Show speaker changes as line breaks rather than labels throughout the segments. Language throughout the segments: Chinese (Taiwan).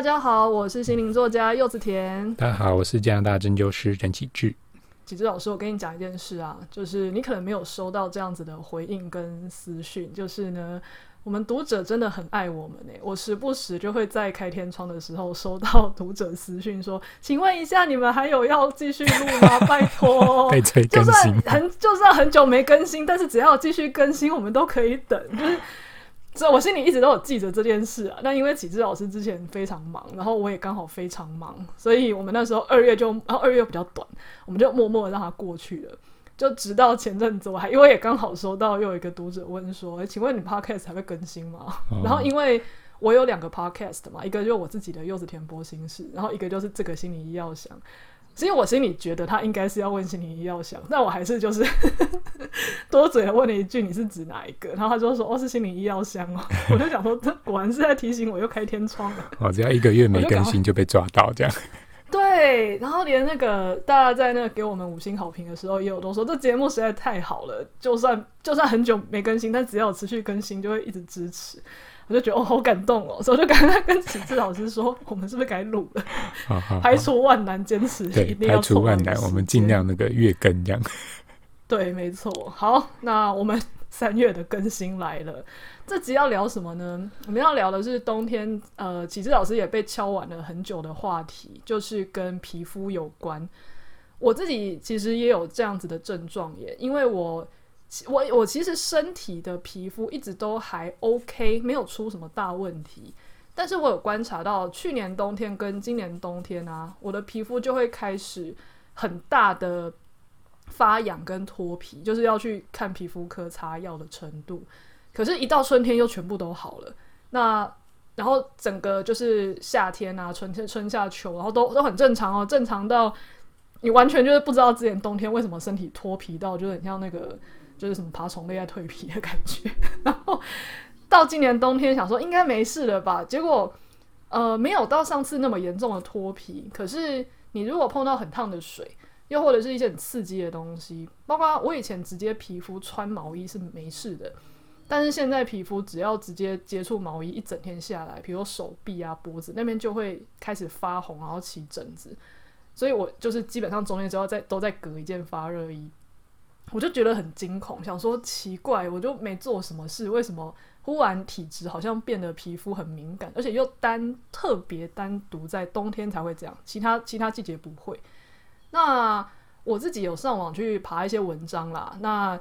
大家好，我是心靈作家柚子甜。大家好，
我是加拿大針灸師陳啟志。
啟志老師，我跟你講一件事啊，就是你可能沒有收到這樣子的回應跟私訊，就是呢，我們讀者真的很愛我們呢，我時不時就會在開天窗的時候收到讀者私訊說， 請問一下，你們還有要繼續錄嗎？ 拜
託， 就算很
就算很久沒更新，但是只要繼續更新，我們都可以等，就是。所以我心裡一直都有記着這件事啊。但因為啟志老師之前非常忙，然後我也剛好非常忙，所以我們那時候二月就，然後二月比較短，我們就默默地讓他過去了。就直到前陣子，我還因為也剛好收到又有一個讀者問說：“誒，請問你 podcast 還會更新嗎？”哦、然後因為我有兩個 podcast 嘛，一個就是我自己的《柚子甜剝心事》，然後一個就是這個《心靈醫藥箱》。其實我心裡覺得他應該是要問心靈醫藥箱，但我還是就是 多嘴的問了一句：“你是指哪一個？”然後他就說：“哦，是心靈醫藥箱哦。” 我就想說，這果然是在提醒我又開天窗了。
哦，只要一個月沒更新就被抓到這樣。
對，然後連那個大家在那個給我們五星好評的時候，也有都說 這節目實在太好了，就算就算很久沒更新，但只要有持續更新，就會一直支持。我就覺得我、哦、好感動哦，所以我就剛剛跟他跟啟志老師說， 我們是不是該錄了？排除萬難，堅持對，排除萬難，我
們儘量那個月更這樣。
對，沒錯。好，那我們三月的更新來了， 這集要聊什麼呢？我們要聊的是冬天。呃，啟志老師也被敲完了很久的話題，就是跟皮膚有關。我自己其實也有這樣子的症狀耶，因為我。我我其實身體的皮膚一直都還 OK，沒有出什麼大問題。但是我有觀察到，去年冬天跟今年冬天啊，我的皮膚就會開始很大的發癢跟脫皮，就是要去看皮膚科擦藥的程度。可是，一到春天又全部都好了。那然後整個就是夏天啊、春天、春夏秋，然後都都很正常哦，正常到你完全就是不知道之前冬天為什麼身體脫皮到，就很像那個。就是什麼爬蟲類在蛻皮的感覺，然後到今年冬天想說應該沒事了吧，結果呃，沒有到上次那麼嚴重的脫皮，可是你如果碰到很燙的水，又或者是一些很刺激的東西，包括我以前直接皮膚穿毛衣是沒事的，但是現在皮膚只要直接接觸毛衣一整天下來，比如手臂啊、脖子那邊就會開始發紅，然後起疹子，所以我就是基本上中間只要再都在隔一件發熱衣。我就覺得很驚恐，想說奇怪，我就沒做什麼事，為什麼忽然體質好像變得皮膚很敏感，而且又單特別單獨在冬天才會這樣，其他其他季節不會。那我自己有上網去爬一些文章啦，那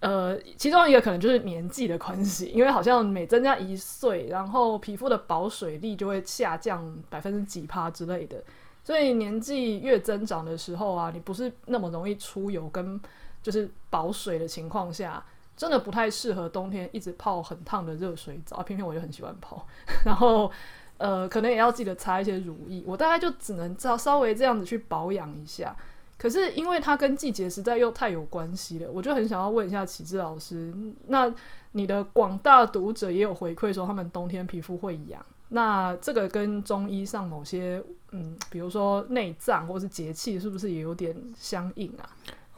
呃，其中一個可能就是年紀的關係，因為好像每增加一歲，然後皮膚的保水力就會下降百分之幾趴之類的，所以年紀越增長的時候啊，你不是那麼容易出油跟。就是保水的情況下，真的不太適合冬天一直泡很燙的熱水澡，偏偏我就很喜歡泡。然後，呃，可能也要記得擦一些乳液。我大概就只能這稍微這樣子去保養一下。可是因為它跟季節實在又太有關係了，我就很想要問一下啟志老師，那你的廣大讀者也有回饋說他們冬天皮膚會癢，那這個跟中醫上某些嗯，比如說內臟或是節氣，是不是也有點相應
啊？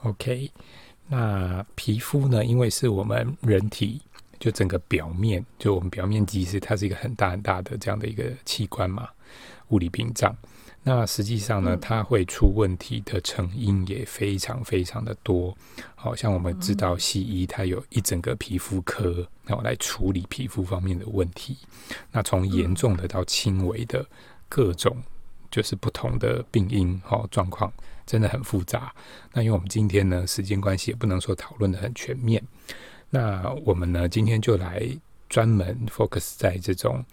OK，那皮膚呢？因為是我們人體就整個表面，就我們表面積，是它是一個很大很大的這樣的一個器官嘛，物理屏障。那實際上呢，它會出問題的成因也非常非常的多。好、哦，像我們知道西醫它有一整個皮膚科，然後來處理皮膚方面的問題。那從嚴重的到輕微的各種，就是不同的病因好狀況。哦真的很複雜。那因為我們今天呢，時間關係也不能說討論得很全面。那我們呢，今天就來專門 focus 在這種，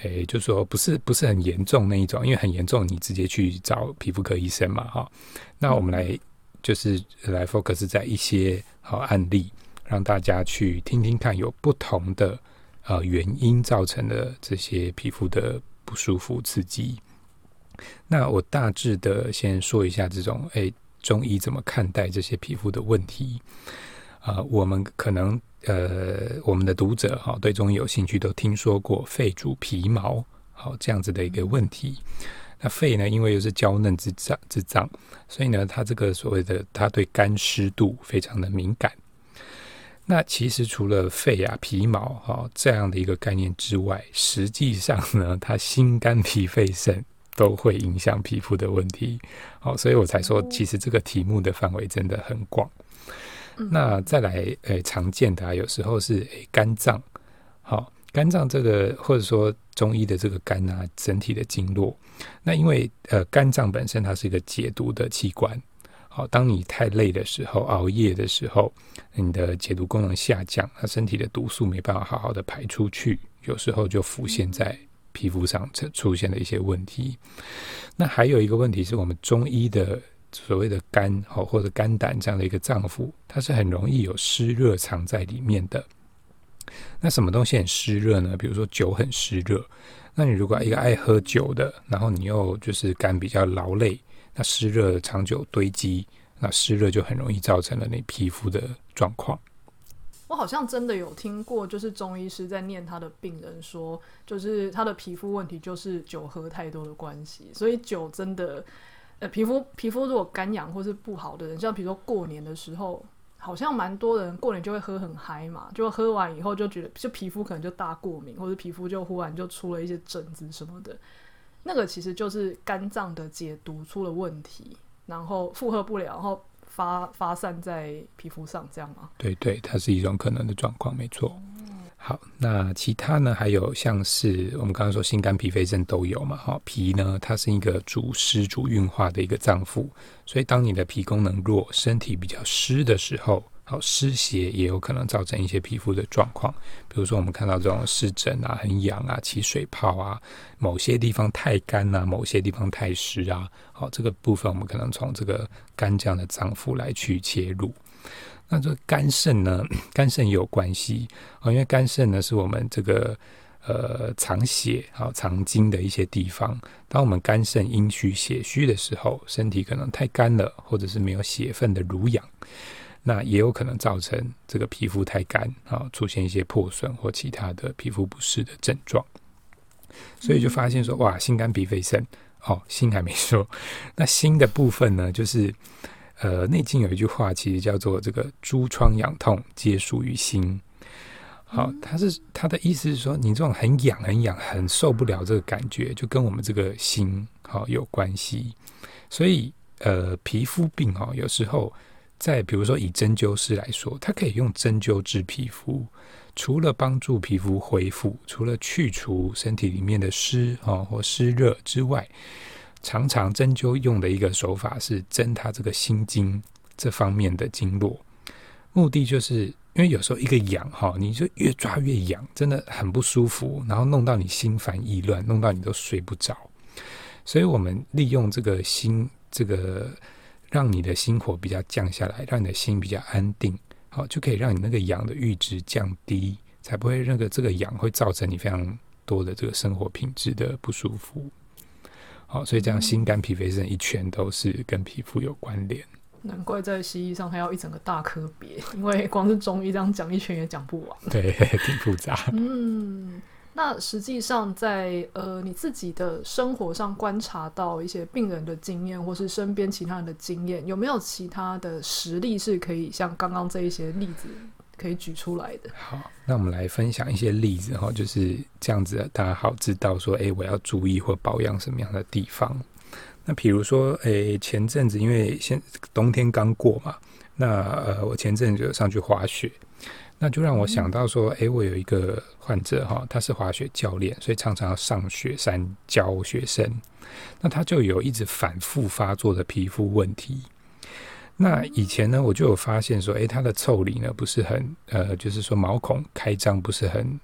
誒、欸，就說不是不是很嚴重那一種，因為很嚴重你直接去找皮膚科醫生嘛，哈、喔。那我們來、嗯、就是來 focus 在一些好、喔、案例，讓大家去聽聽看有不同的啊、呃、原因造成的這些皮膚的不舒服刺激。那我大致的先說一下這種，誒，中醫怎麼看待這些皮膚的問題？啊、呃，我們可能呃，我們的讀者哈、哦，對中醫有興趣都聽說過肺主皮毛，好、哦、這樣子的一個問題。嗯、那肺呢，因為又是嬌嫩之臟之臟，所以呢，它這個所謂的它對乾濕度非常的敏感。那其實除了肺啊皮毛哈、哦、這樣的一個概念之外，實際上呢，它心肝脾肺腎，都會影響皮膚的問題，好、哦，所以我才說，其實這個題目的範圍真的很廣。嗯、那再來，誒，常見的、啊、有時候是誒，肝臟，好、哦，肝臟這個或者說中醫的這個肝啊，整體的經絡，那因為呃，肝臟本身它是一個解毒的器官，好、哦，當你太累的時候，熬夜的時候，你的解毒功能下降，那身體的毒素沒辦法好好的排出去，有時候就浮現在、嗯。皮膚上出出現的一些問題，那還有一個問題是我們中醫的所謂的肝哦，或者肝膽這樣的一個臟腑，它是很容易有濕熱藏在裡面的。那什麼東西很濕熱呢？比如說酒很濕熱。那你如果一個愛喝酒的，然後你又就是肝比較勞累，那濕熱長久堆積，那濕熱就很容易造成了你皮膚的狀況。
我好像真的有聽過，就是中醫師在念他的病人說，就是他的皮膚問題就是酒喝太多的關係，所以酒真的，呃，皮膚皮膚如果乾癢或是不好的人，像比如說過年的時候，好像蠻多人過年就會喝很嗨嘛，就喝完以後就覺得就皮膚可能就大過敏，或者皮膚就忽然就出了一些疹子什麼的，那個其實就是肝臟的解毒出了問題，然後負荷不了，然後。發發散在皮膚上這樣嗎？
對對，它是一種可能的狀況，沒錯。嗯、好，那其他呢？還有像是我們剛剛說心肝脾肺腎都有嘛？好，脾呢，它是一個主濕主運化的一個臟腑，所以當你的脾功能弱，身體比較濕的時候。好，濕邪也有可能造成一些皮膚的狀況，比如說我們看到這種濕疹啊、很癢啊、起水泡啊，某些地方太乾啊，某些地方太濕啊。好，這個部分我們可能從這個肝這樣的臟腑來去切入。那這肝腎呢？肝腎也有關係啊、哦，因為肝腎呢是我們這個呃藏血、好、哦、藏精的一些地方。當我們肝腎陰虛、血虛的時候，身體可能太乾了，或者是沒有血分的濡養。那也有可能造成這個皮膚太乾啊、哦，出現一些破損或其他的皮膚不適的症狀，所以就發現說，哇，心肝脾肺腎，哦，心還沒說，那心的部分呢，就是呃，《內經》有一句話，其實叫做這個“諸瘡癢痛皆屬於心”哦。好，它是它的意思是說，你這種很癢、很癢、很受不了這個感覺，就跟我們這個心好、哦、有關係。所以，呃，皮膚病哦，有時候。再比如說，以針灸師來說，他可以用針灸治皮膚，除了幫助皮膚恢復，除了去除身體裡面的濕啊、哦、或濕熱之外，常常針灸用的一個手法是針他這個心經這方面的經絡，目的就是因為有時候一個癢哈、哦，你就越抓越癢，真的很不舒服，然後弄到你心煩意亂，弄到你都睡不着，所以我們利用這個心這個。讓你的心火比較降下來，讓你的心比較安定，好、哦、就可以讓你那個癢的閾值降低，才不會那個這個癢會造成你非常多的這個生活品質的不舒服。好、哦，所以這樣心肝脾肺腎一,一圈都是跟皮膚有關聯。
難怪在西醫上它要一整個大科別，因為光是中醫這樣講一圈也講不完，
對，挺複雜。 嗯。
那實際上在，在呃你自己的生活上觀察到一些病人的經驗，或是身邊其他人的經驗，有沒有其他的實例是可以像剛剛這一些例子可以舉出來的？好，
那我們來分享一些例子哈，就是這樣子，大家好知道說，哎、欸，我要注意或保養什麼樣的地方？那比如說，哎、欸，前陣子因為現冬天剛過嘛，那呃，我前陣子就上去滑雪。那就讓我想到說，誒、欸，我有一個患者哈、哦，他是滑雪教練，所以常常要上雪山教學生。那他就有一直反覆發作的皮膚問題。那以前呢，我就有發現說，誒、欸，他的腠理呢，不是很呃，就是說毛孔開張不是很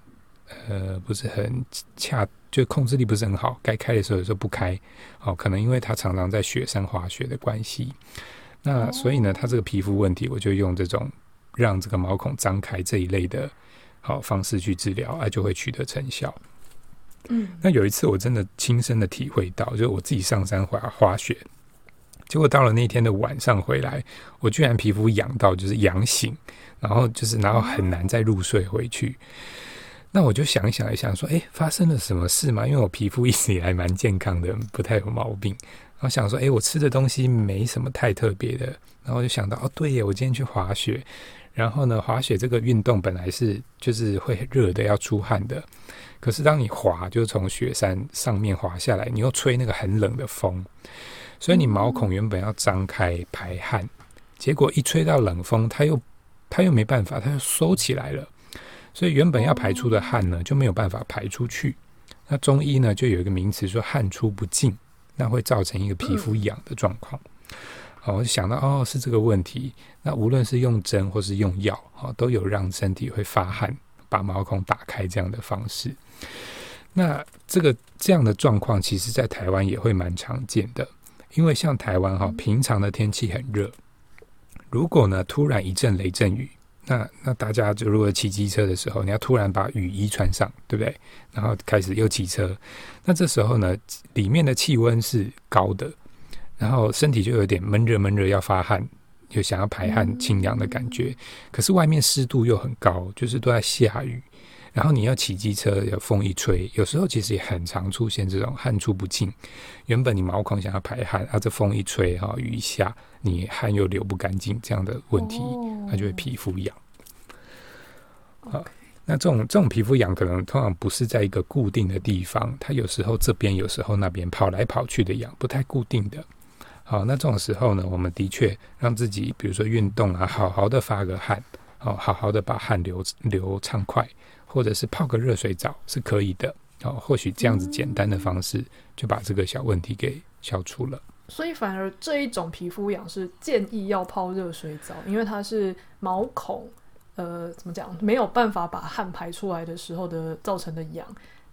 呃，不是很恰，就控制力不是很好，該開的時候有時候不開。哦，可能因為他常常在雪山滑雪的關係。那所以呢，他這個皮膚問題，我就用這種。讓這個毛孔張開這一類的好方式去治療，啊，就會取得成效。嗯，那有一次我真的親身的體會到，就是我自己上山滑滑雪，結果到了那天的晚上回來，我居然皮膚癢到就是癢醒，然後就是然後很難再入睡回去。那我就想一想一想說，說、欸、誒，發生了什麼事嗎？因為我皮膚一直以來蠻健康的，不太有毛病。然後想說，誒、欸，我吃的東西沒什麼太特別的。然後我就想到，哦，對耶，我今天去滑雪。然後呢，滑雪這個運動本來是就是會熱的、要出汗的，可是當你滑，就從雪山上面滑下來，你又吹那個很冷的風，所以你毛孔原本要張開排汗，結果一吹到冷風，它又它又沒辦法，它又收起來了，所以原本要排出的汗呢就沒有辦法排出去。那中醫呢就有一個名詞說汗出不盡，那會造成一個皮膚癢的狀況。嗯哦，我就想到哦，是這個問題。那無論是用針或是用藥，哦，都有讓身體會發汗，把毛孔打開這樣的方式。那這個這樣的狀況，其實，在台灣也會蠻常見的。因為像台灣哈，哦，平常的天氣很熱。如果呢，突然一陣雷陣雨，那那大家就如果騎機車的時候，你要突然把雨衣穿上，對不對？然後開始又騎車，那這時候呢，裡面的氣溫是高的。然後身體就有點悶熱悶熱，要發汗，又想要排汗清涼的感覺。嗯，可是外面濕度又很高，就是都在下雨。然後你要騎機車，有風一吹，有時候其實也很常出現這種汗出不盡。原本你毛孔想要排汗。啊，這風一吹哈，雨一下，你汗又流不乾淨，這樣的問題，哦，它就會皮膚癢。Okay. 啊，那這種這種皮膚癢，可能通常不是在一個固定的地方，它有時候這邊，有時候那邊，跑來跑去的癢，不太固定的。好、哦，那這種時候呢，我們的確讓自己，比如說運動啊，好好的發個汗，好、哦，好好的把汗流流暢快，或者是泡個熱水澡是可以的。好、哦，或許這樣子簡單的方式就把這個小問題給消除了。
嗯、所以反而這一種皮膚癢是建議要泡熱水澡，因為它是毛孔呃怎麼講沒有辦法把汗排出來的時候的造成的癢。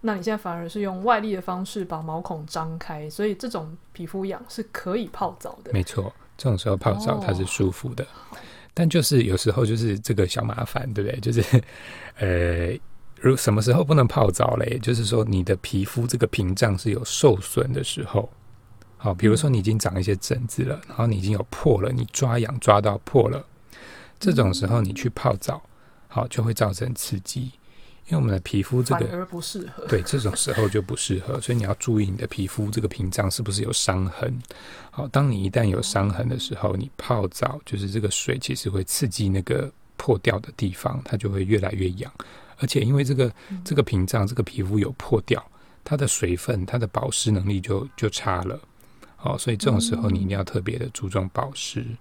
那你現在反而是用外力的方式把毛孔張開，所以這種皮膚癢是可以泡澡的。沒
錯，這種時候泡澡它是舒服的，哦、但就是有時候就是這個小麻煩，對不對？就是呃，如果什麼時候不能泡澡嘞？就是說你的皮膚這個屏障是有受損的時候，好，比如說你已經長一些疹子了，嗯、然後你已經有破了，你抓癢抓到破了，這種時候你去泡澡，好，就會造成刺激。因為我們的皮膚這個反而
不適合，對，
這種時候就不適合， 所以你要注意你的皮膚這個屏障是不是有傷痕。好，當你一旦有傷痕的時候，嗯、你泡澡就是這個水其實會刺激那個破掉的地方，它就會越來越癢。而且因為這個、嗯、這個屏障這個皮膚有破掉，它的水分它的保濕能力就就差了。好，所以這種時候你一定要特別的注重保濕。嗯、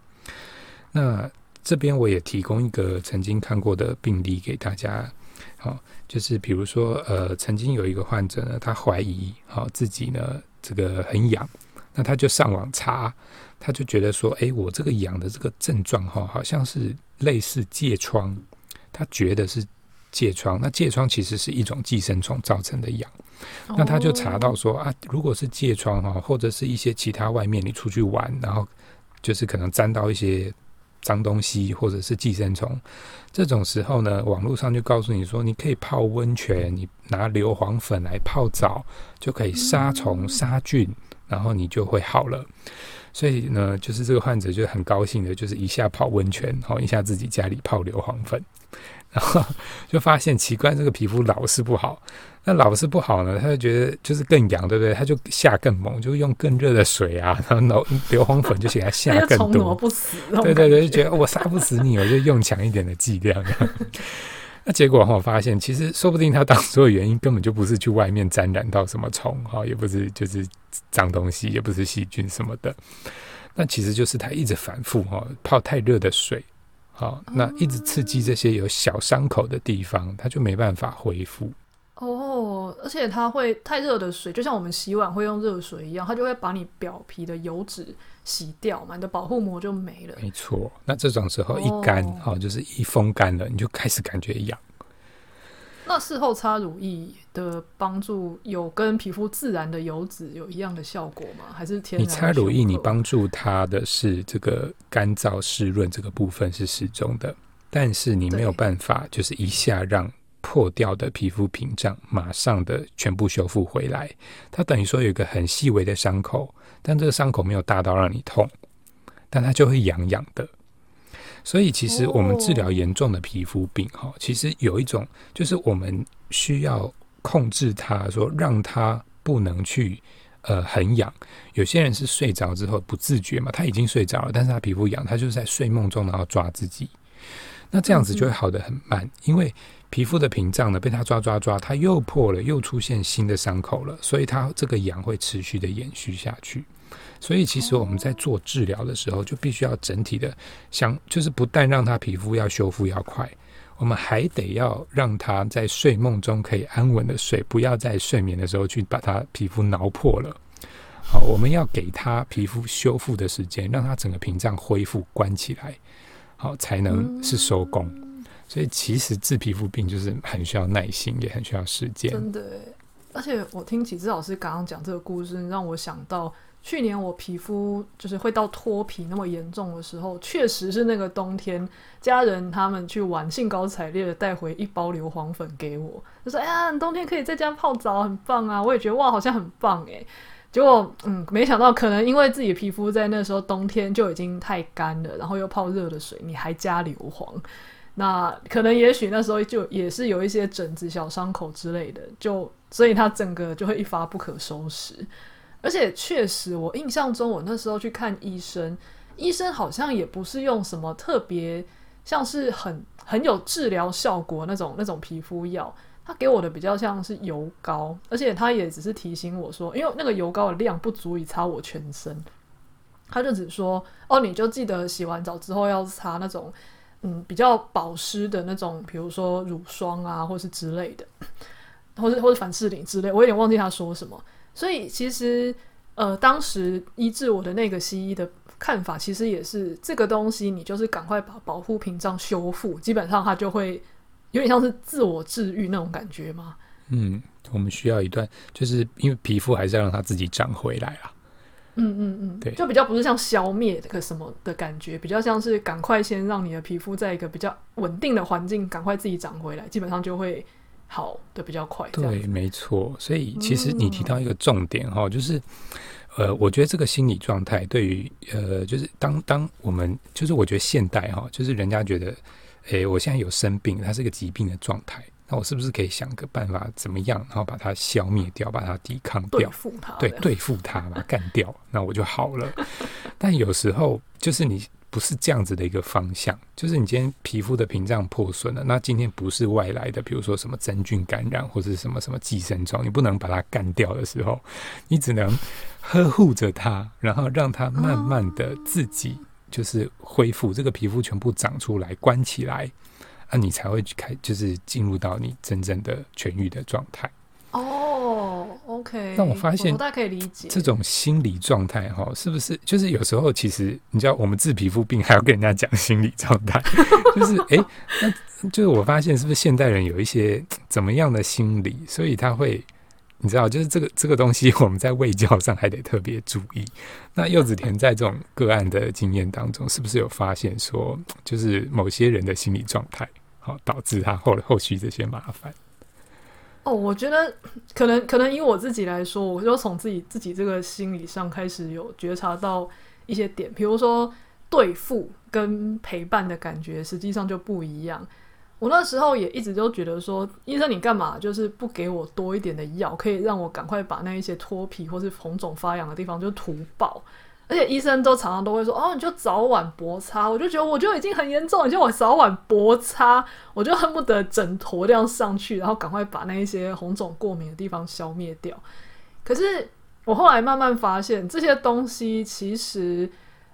那這邊我也提供一個曾經看過的病例給大家。好、哦，就是比如說，呃，曾經有一個患者呢，他懷疑，好、哦，自己呢，這個很癢，那他就上網查，他就覺得說，誒、欸，我這個癢的這個症狀哈、哦，好像是類似疥瘡，他覺得是疥瘡。那疥瘡其實是一種寄生蟲造成的癢，oh. 那他就查到說啊，如果是疥瘡哈，或者是一些其他外面你出去玩，然後就是可能沾到一些。髒東西或者是寄生蟲，這種時候呢，網絡上就告訴你說，你可以泡溫泉，你拿硫磺粉來泡澡，就可以殺蟲、殺菌，然後你就會好了。所以呢，就是這個患者就很高興的，就是一下泡溫泉，然後一下自己家裡泡硫磺粉。然後就發現奇怪，這個皮膚老是不好。那老是不好呢，他就覺得就是更癢，對不對？他就下更猛，就用更熱的水啊，然後硫磺粉就給他下更多。
對對對，就覺得
我殺不死你，我就用強一點的劑量啊。 那結果我發現，其實說不定他當初的原因根本就不是去外面沾染到什麼蟲哈，也不是就是髒東西，也不是細菌什麼的。那其實就是他一直反覆哈泡太熱的水。好、哦，那一直刺激這些有小傷口的地方，嗯、它就沒辦法恢復。
哦，而且它會太熱的水，就像我們洗碗會用熱水一樣，它就會把你表皮的油脂洗掉嘛，你的保護膜就沒了。
沒錯，那這種時候一乾，好、哦哦、就是一風乾了，你就開始感覺癢。
那事後擦乳液的幫助有跟皮膚自然的油脂有一樣的效果嗎？還是天然？你擦乳液，
你幫助它的是這個乾燥、濕潤這個部分是適中的，但是你沒有辦法就是一下讓破掉的皮膚屏障馬上的全部修復回來。它等於說有一個很細微的傷口，但這個傷口沒有大到讓你痛，但它就會癢癢的。所以，其實我們治療嚴重的皮膚病，哈、哦，其實有一種就是我們需要控制它，說讓它不能去呃很癢。有些人是睡着之後不自覺嘛，他已經睡着了，但是他皮膚癢，他就是在睡夢中然後抓自己，那這樣子就會好得很慢，嗯、因為皮膚的屏障呢被他抓抓抓，他又破了，又出現新的傷口了，所以它這個癢會持續的延續下去。所以，其實我們在做治療的時候，就必須要整體的想，就是不但讓他皮膚要修復要快，我們還得要讓他在睡夢中可以安穩的睡，不要在睡眠的時候去把他皮膚撓破了。好，我們要給他皮膚修復的時間，讓他整個屏障恢復關起來，好，才能是收工。所以，其實治皮膚病就是很需要耐心，也很需要時間。真
的，而且我聽啟志老師剛剛講這個故事，讓我想到。去年我皮膚就是會到脫皮那麼嚴重的時候，確實是那個冬天，家人他們去玩，興高采烈的帶回一包硫磺粉給我，他說：“哎呀，你冬天可以在家泡澡，很棒啊！”我也覺得哇，好像很棒誒。結果嗯，沒想到可能因為自己皮膚在那時候冬天就已經太乾了，然後又泡熱的水，你還加硫磺，那可能也許那時候就也是有一些疹子、小傷口之類的，就所以它整個就會一發不可收拾。而且確實，我印象中我那時候去看醫生，醫生好像也不是用什麼特別像是很很有治療效果的那種那種皮膚藥，他給我的比較像是油膏，而且他也只是提醒我說，因為那個油膏的量不足以擦我全身，他就只說哦，你就記得洗完澡之後要擦那種嗯，比較保濕的那種，比如說乳霜啊，或是之類的，或是或者凡士林之類，我有點忘記他說什麼。所以其實，呃，當時醫治我的那個西醫的看法，其實也是這個東西，你就是趕快把保護屏障修復，基本上它就會有點像是自我治癒那種感覺嘛。
嗯，我們需要一段，就是因為皮膚還是要讓它自己長回來啊。嗯，嗯
嗯嗯，對，就比較不是像消滅這個什麼的感覺，比較像是趕快先讓你的皮膚在一個比較穩定的環境，趕快自己長回來，基本上就會。好，對，比較快，對，
沒錯。所以其實你提到一個重點哈，嗯、就是，呃，我覺得這個心理狀態對於，呃，就是當當我們就是我覺得現代哈，就是人家覺得，誒、欸，我現在有生病，它是個疾病的狀態，那我是不是可以想個辦法怎麼樣，然後把它消滅掉，把它抵抗掉，對，對，對付它，把它幹掉， 那我就好了。但有時候就是你。不是這樣子的一個方向，就是你今天皮膚的屏障破損了，那今天不是外來的，比如說什麼真菌感染或者什麼什麼寄生蟲，你不能把它幹掉的時候，你只能呵護着它，然後讓它慢慢的自己就是恢復，這個皮膚全部長出來，關起來，那你才會去開，就是進入到你真正的痊癒的狀態
哦。Oh. OK，但我發現這種
心理狀態哈，是不是？就是有時候其實你知道，我們治皮膚病還要跟人家講心理狀態，就是哎、欸， 那就是我發現是不是現代人有一些怎麼樣的心理，所以他會你知道，就是這個這個東西我們在衛教上還得特別注意。那柚子甜在這種個案的經驗當中，是不是有發現說，就是某些人的心理狀態好導致他後來後續這些麻煩？
哦，我覺得可能可能以我自己來說，我就從自己自己這個心理上開始有覺察到一些點，比如說對付跟陪伴的感覺實際上就不一樣。我那時候也一直都覺得說，醫生你幹嘛就是不給我多一點的藥，可以讓我趕快把那一些脫皮或是紅腫發癢的地方就塗爆。而且醫生都常常都會說：“哦，你就早晚薄擦。”我就覺得我就已經很嚴重，你叫我早晚薄擦，我就恨不得整坨這樣上去，然後趕快把那一些紅腫過敏的地方消滅掉。可是我後來慢慢發現，這些東西其實，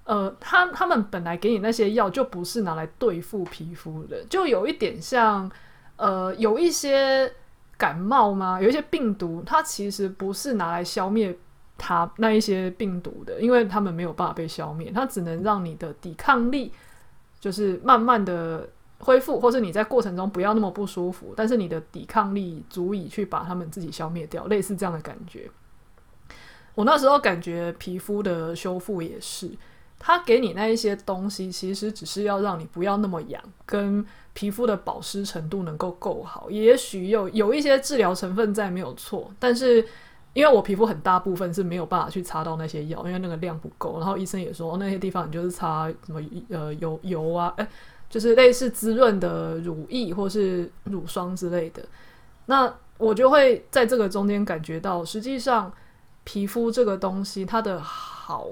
呃，他他們本來給你那些藥就不是拿來對付皮膚的，就有一點像，呃，有一些感冒嘛，有一些病毒，它其實不是拿來消滅。它那一些病毒的，因為他們沒有辦法被消滅，它只能讓你的抵抗力就是慢慢的恢復，或是你在過程中不要那麼不舒服，但是你的抵抗力足以去把它們自己消滅掉，類似這樣的感覺。我那時候感覺皮膚的修復也是，它給你那一些東西，其實只是要讓你不要那麼癢，跟皮膚的保濕程度能夠夠好，也許有有一些治療成分在沒有錯，但是。因為我皮膚很大部分是沒有辦法去擦到那些藥，因為那個量不夠。然後醫生也說，哦，那些地方你就是擦什麼呃油油啊，哎，就是類似滋潤的乳液或是乳霜之類的。那我就會在這個中間感覺到，實際上皮膚這個東西，它的好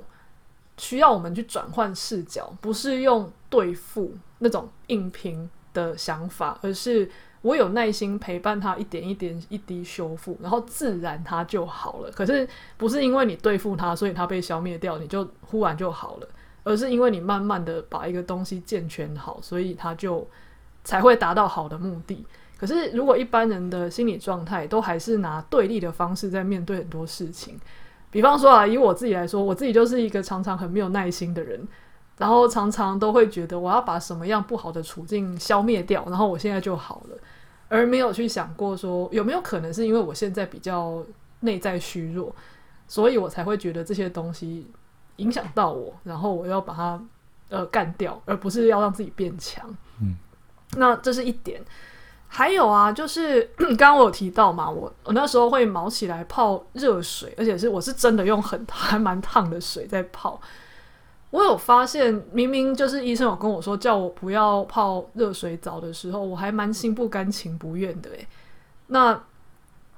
需要我們去轉換視角，不是用對付那種硬拼的想法，而是。我有耐心陪伴他，一點一點一滴修復，然後自然他就好了。可是不是因為你對付他，所以他被消滅掉，你就忽然就好了，而是因為你慢慢地把一個東西健全好，所以他就才會達到好的目的。可是如果一般人的心理狀態都還是拿對立的方式在面對很多事情，比方說啊，以我自己來說，我自己就是一個常常很沒有耐心的人，然後常常都會覺得我要把什麼樣不好的處境消滅掉，然後我現在就好了。而沒有去想過說，有沒有可能是因為我現在比較內在虛弱，所以我才會覺得這些東西影響到我，然後我要把它呃幹掉，而不是要讓自己變強。嗯，那這是一點。還有啊，就是剛剛我有提到嘛，我我那時候會毛起來泡熱水，而且是我是真的用很還蠻燙的水在泡。我有發現，明明就是醫生有跟我說叫我不要泡熱水澡的時候，我還蠻心不甘情不願的誒，那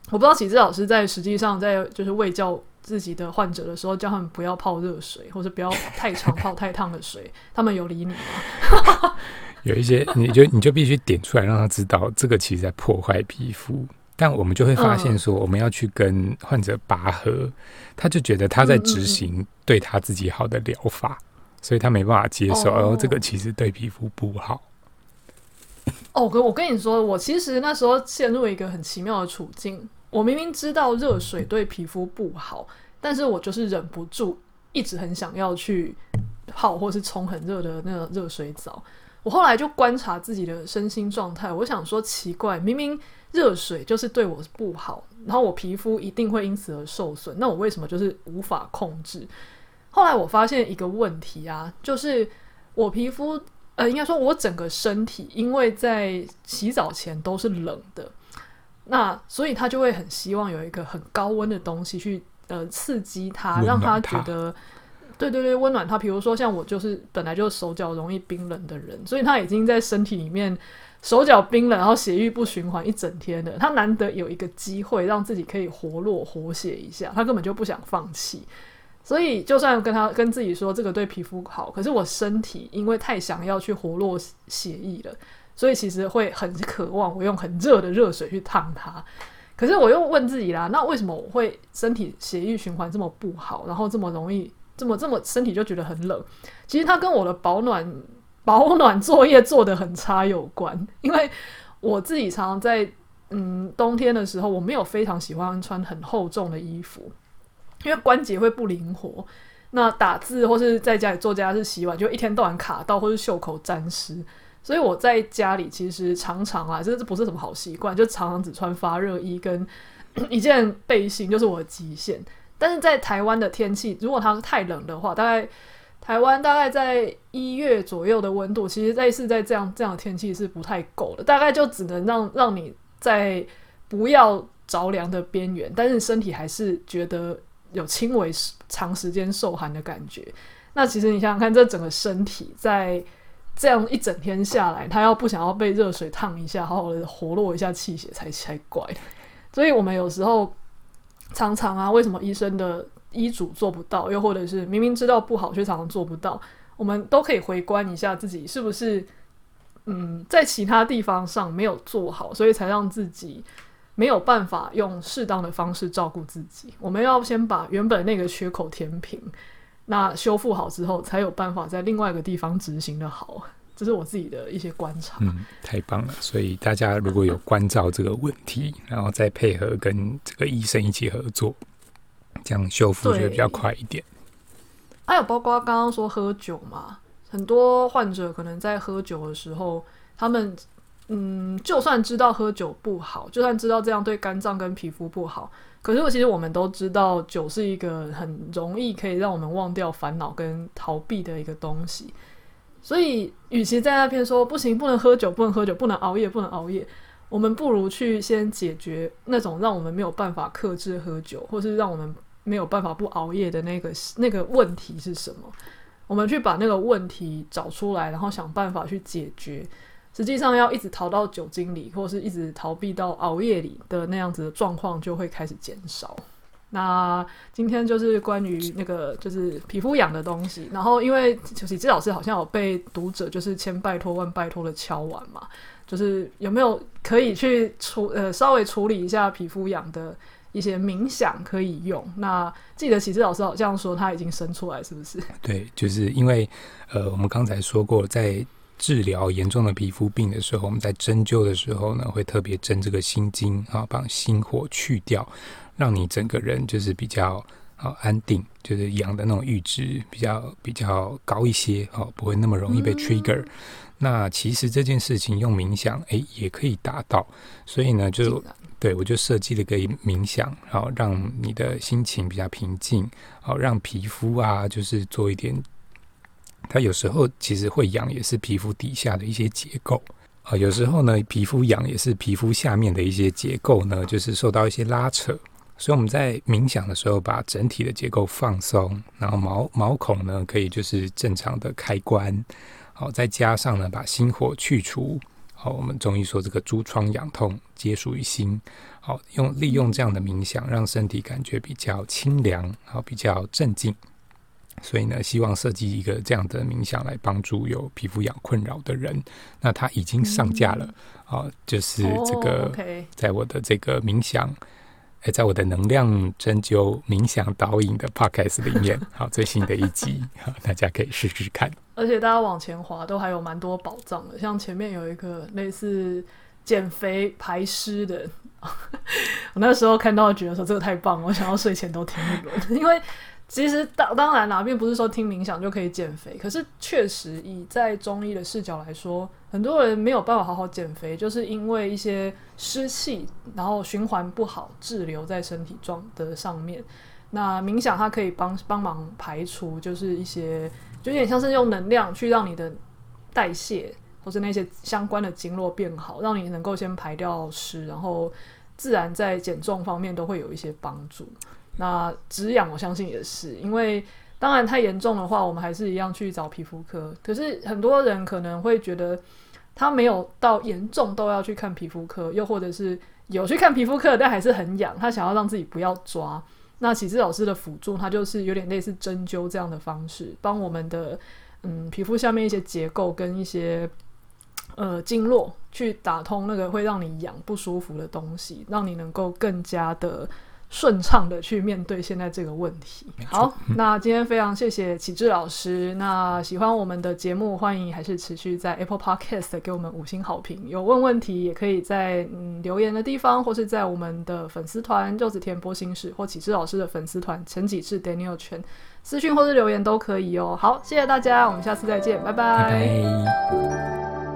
我不知道啟志老師在實際上在就是衛教自己的患者的時候，叫他們不要泡熱水，或者不要太常泡太燙的水， 他們有理你嗎？
有一些你就你就必須點出來，讓他知道 這個其實在破壞皮膚。但我們就會發現說，我們要去跟患者拔河，嗯、他就覺得他在執行對他自己好的療法，嗯、所以他沒辦法接受，哦，哦，這個其實對皮膚不好。
哦，我我跟你說，我其實那時候陷入一個很奇妙的處境，我明明知道熱水對皮膚不好，但是我就是忍不住，一直很想要去泡或是沖很熱的那個熱水澡。我後來就觀察自己的身心狀態，我想說奇怪，明明熱水就是對我不好，然後我皮膚一定會因此而受損，那我為什麼就是無法控制？後來我發現一個問題啊，就是我皮膚，呃，應該說我整個身體，因為在洗澡前都是冷的，那所以他就會很希望有一個很高溫的東西去呃刺激他，讓他覺得。對對對，溫暖他，比如說像我就是本來就是手腳容易冰冷的人，所以他已經在身體裡面手腳冰冷，然後血液不循環一整天了。他難得有一個機會讓自己可以活絡活血一下，他根本就不想放棄。所以就算跟他跟自己說這個對皮膚好，可是我身體因為太想要去活絡血液了，所以其實會很渴望我用很熱的熱水去燙它。可是我又問自己啦，那為什麼我會身體血液循環這麼不好，然後這麼容易？怎麼這麼，這麼身體就覺得很冷？其實它跟我的保暖保暖作業做得很差有關，因為我自己常常在嗯冬天的時候，我沒有非常喜歡穿很厚重的衣服，因為關節會不靈活。那打字或是在家裡做家事、洗碗，就一天到晚卡到或是袖口沾濕，所以我在家裡其實常常啊，這不是什麼好習慣，就常常只穿發熱衣跟一件背心，就是我的極限。但是在台灣的天氣，如果它是太冷的話，大概台灣大概在一月左右的溫度，其實類似在這樣這樣的天氣是不太夠的，大概就只能讓讓你在不要着涼的邊緣，但是身體還是覺得有輕微長時間受寒的感覺。那其實你想想看，這整個身體在這樣一整天下來，他要不想要被熱水燙一下，好好的活絡一下氣血才才怪的。所以我們有時候。常常啊，為什麼醫生的醫囑做不到？又或者是明明知道不好，卻常常做不到？我們都可以回觀一下自己，是不是嗯，在其他地方上沒有做好，所以才讓自己沒有辦法用適當的方式照顧自己？我們要先把原本那個缺口填平，那修復好之後，才有辦法在另外一個地方執行得好。這是我自己的一些觀察。
嗯，太棒了！所以大家如果有關照這個問題， 然後再配合跟這個醫生一起合作，這樣修復就會比較快一點。
還有、啊、包括剛剛說喝酒嘛，很多患者可能在喝酒的時候，他們嗯，就算知道喝酒不好，就算知道這樣對肝臟跟皮膚不好，可是我其實我們都知道，酒是一個很容易可以讓我們忘掉煩惱跟逃避的一個東西。所以，與其在那邊說不行，不能喝酒，不能喝酒，不能熬夜，不能熬夜，我們不如去先解決那種讓我們沒有辦法克制喝酒，或是讓我們沒有辦法不熬夜的那個那個問題是什麼？我們去把那個問題找出來，然後想辦法去解決。實際上，要一直逃到酒精裡，或是一直逃避到熬夜裡的那樣子的狀況，就會開始減少。那今天就是關於那個就是皮膚癢的東西，然後因為啟志老師好像有被讀者就是千拜託萬拜託的敲碗嘛，就是有沒有可以去處呃稍微處理一下皮膚癢的一些冥想可以用？那記得啟志老師好像說他已經生出來，是不是？
對，就是因為呃我們剛才說過，在治療嚴重的皮膚病的時候，我們在針灸的時候呢，會特別針這個心經啊，把心火去掉。讓你整個人就是比較哦安定，就是癢的那種閾值比較比較高一些哦，不會那麼容易被 trigger。嗯、那其實這件事情用冥想誒、欸、也可以達到，所以呢就了對，我就設計了個冥想，然、哦、後讓你的心情比較平靜，哦讓皮膚啊就是做一點。它有時候其實會癢，也是皮膚底下的一些結構啊、哦。有時候呢，皮膚癢也是皮膚下面的一些結構呢，就是受到一些拉扯。所以我們在冥想的時候，把整體的結構放鬆，然後毛毛孔呢可以就是正常的開關，好、哦，再加上呢把心火去除，好、哦，我們中醫說這個諸瘡癢痛皆屬於心，好、哦，用利用這樣的冥想，讓身體感覺比較清涼，好、哦，比較鎮靜。所以呢，希望設計一個這樣的冥想來幫助有皮膚癢困擾的人。那它已經上架了，好、嗯哦，就是這個，Oh, okay. 在我的這個冥想。哎，在我的能量針灸冥想導引的 Podcast 裡面， 好，最新的一集，好大家可以試試看。
而且大家往前滑，都還有蠻多寶藏的，像前面有一個類似減肥排濕的， 我那時候看到覺得說這個太棒了，我想要睡前都聽一輪。 因為其實當當然啦，並不是說聽冥想就可以減肥，可是確實以在中醫的視角來說。很多人沒有辦法好好減肥，就是因為一些濕氣，然後循環不好，滯留在身體狀的上面。那冥想它可以幫幫忙排除，就是一些就有點像是用能量去讓你的代謝，或是那些相關的經絡變好，讓你能夠先排掉濕，然後自然在減重方面都會有一些幫助。那止癢，我相信也是，因為當然太嚴重的話，我們還是一樣去找皮膚科。可是很多人可能會覺得。他沒有到嚴重都要去看皮膚科，又或者是有去看皮膚科，但還是很癢，他想要讓自己不要抓。那啟志老師的輔助，它就是有點類似針灸這樣的方式，幫我們的嗯皮膚下面一些結構跟一些呃經絡去打通那個會讓你癢不舒服的東西，讓你能夠更加的。順暢的去面對現在這個問題。沒錯，好，那今天非常謝謝啟智老師。那喜歡我們的節目，歡迎還是持續在 Apple Podcast 給我們五星好評。有問問題也可以在、嗯、留言的地方，或是在我們的粉絲團“柚子甜剝心事”，或啟志老師的粉絲團“陳啟志 Daniel Chen” 私訊或是留言都可以哦。好，謝謝大家，我們下次再見，拜拜。拜拜。